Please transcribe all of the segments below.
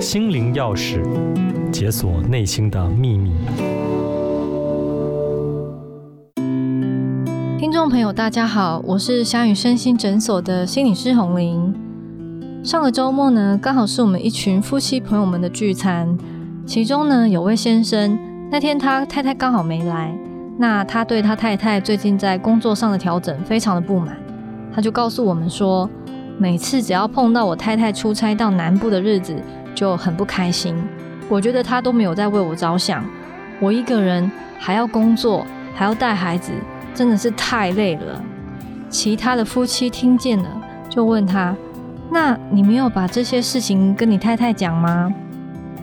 心靈鑰匙，解鎖內心的秘密。聽眾朋友，大家好，我是霞雨身心診所的心理師洪玲。上個周末呢，剛好是我們一群夫妻朋友們的聚餐，其中呢有位先生，那天他太太剛好沒來，那他對他太太最近在工作上的調整非常的不滿，他就告訴我們說，每次只要碰到我太太出差到南部的日子，就很不開心，我覺得他都沒有在為我着想，我一個人還要工作，還要帶孩子，真的是太累了。其他的夫妻聽見了，就問他：那你沒有把這些事情跟你太太講嗎？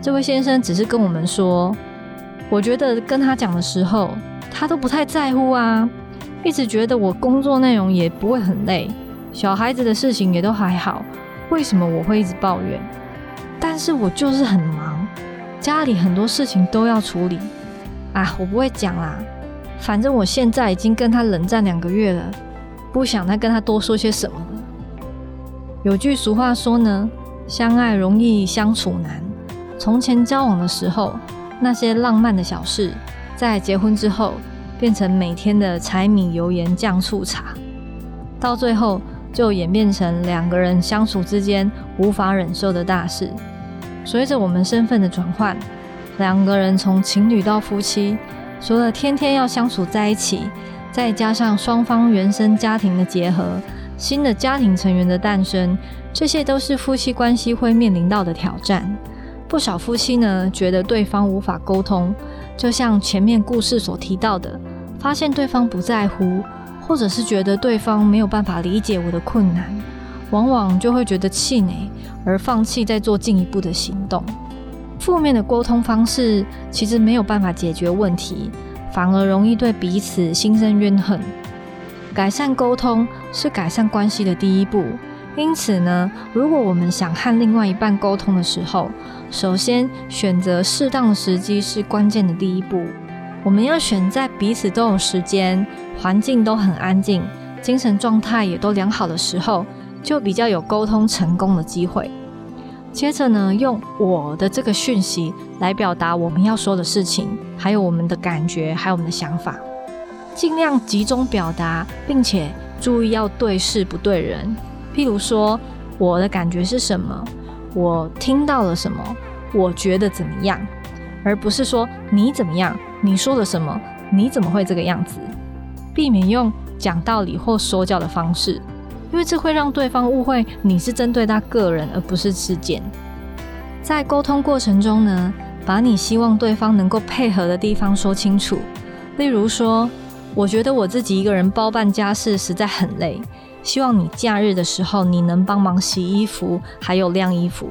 這位先生只是跟我們說，我覺得跟他講的時候，他都不太在乎啊，一直覺得我工作內容也不會很累，小孩子的事情也都還好，為什麼我會一直抱怨？但是我就是很忙，家裡很多事情都要處理，啊，我不會講啦、啊。反正我現在已經跟他冷戰兩個月了，不想再跟他多說些什麼了。有句俗話說呢，相愛容易相處難。從前交往的時候，那些浪漫的小事，在結婚之後變成每天的柴米油鹽醬醋茶，到最後就演變成兩個人相處之間無法忍受的大事。隨着我們身份的轉換，兩個人從情侶到夫妻，除了天天要相處在一起，再加上雙方原生家庭的結合、新的家庭成員的誕生，這些都是夫妻關係會面臨到的挑戰。不少夫妻呢，覺得對方無法溝通，就像前面故事所提到的，發現對方不在乎，或者是覺得對方沒有辦法理解我的困難。往往就會覺得氣餒，而放棄再做進一步的行動。負面的溝通方式其實沒有辦法解決問題，反而容易對彼此心生怨恨。改善溝通是改善關係的第一步，因此呢，如果我們想和另外一半溝通的時候，首先選擇適當的時機是關鍵的第一步。我們要選在彼此都有時間、環境都很安靜、精神狀態也都良好的時候。就比較有溝通成功的機會。接着呢，用我的這個訊息來表達我們要說的事情，還有我們的感覺，還有我們的想法，盡量集中表達，並且注意要對事不對人。譬如說，我的感覺是什麼？我聽到了什麼？我覺得怎麼樣？而不是說你怎麼樣？你說了什麼？你怎麼會這個樣子？避免用講道理或說教的方式。因為這會讓對方誤會你是針對他個人，而不是事件。在溝通過程中呢，把你希望對方能夠配合的地方說清楚。例如說，我覺得我自己一個人包辦家事實在很累，希望你假日的時候你能幫忙洗衣服，還有晾衣服。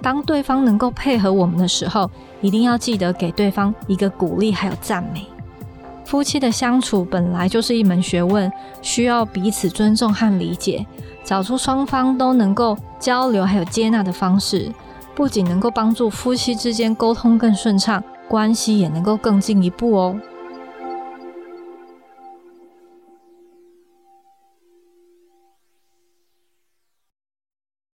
當對方能夠配合我們的時候，一定要記得給對方一個鼓勵，還有讚美。夫妻的相處本來就是一門學問，需要彼此尊重和理解，找出雙方都能夠交流還有接納的方式，不僅能夠幫助夫妻之間溝通更順暢，關係也能夠更進一步哦。